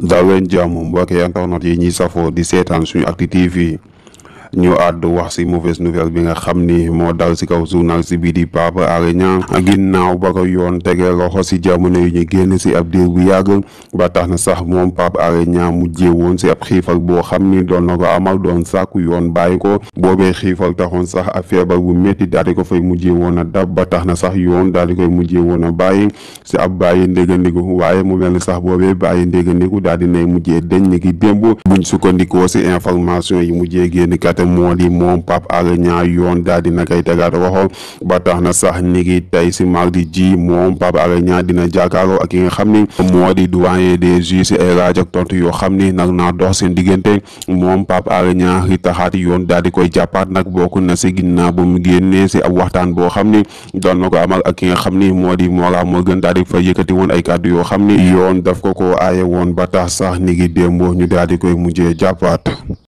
dal leen jàmm mbokk yi internet yi ñuy safoo di seetaan suñu Actu TV ñu àddu wax si mauvaise nouvelle bi nga xam ni moo dal si kaw journaliste bi di Pape Alé Niang ginnaaw ba ko yoon tegee loxo si jamono yi ñu génn si ab diir bu yàgg ba tax na sax moom Pape Alé Niang woon si xiifal boo xam ni doon na ko amal doon sàkku yoon bàyyi ko boobee xiifal taxoon sax ab feebar bu di ko fay mujjee woon a dab ba tax na sax yoon daal di koy mujjee woon a bàyyi si ab bàyyi ndégandiku waaye mu mel ni sax boobee bàyyi ndégandiku daal di nay mujjee deñ ni ki démb buñ sukkandikoo si information yi mujjee génn kat moo di moom Pape Alé Niang yoon daal di na koy tegaat waxo ba tax na sax ni ki tey si di ji moom Pape Alé Niang dina jàkkaarloo ak ki nga xam ni moo di doyen des juges si ay yoo xam ni nag naa dox seen diggante moom pap Alé Niang yi taxaat yoon daal di koy jàppaat nag bokk na si ginnaaw bu mu génnee si ab waxtaan boo xam ni doon na ko amal ak ki nga xam ni moo di Mollah Morgun daal di fa yëkkati woon ay kàddu yoo xam ni yoon daf ko ko aaye woon ba tax sax ni ngi démb ñu daal di koy mujjee jàppaat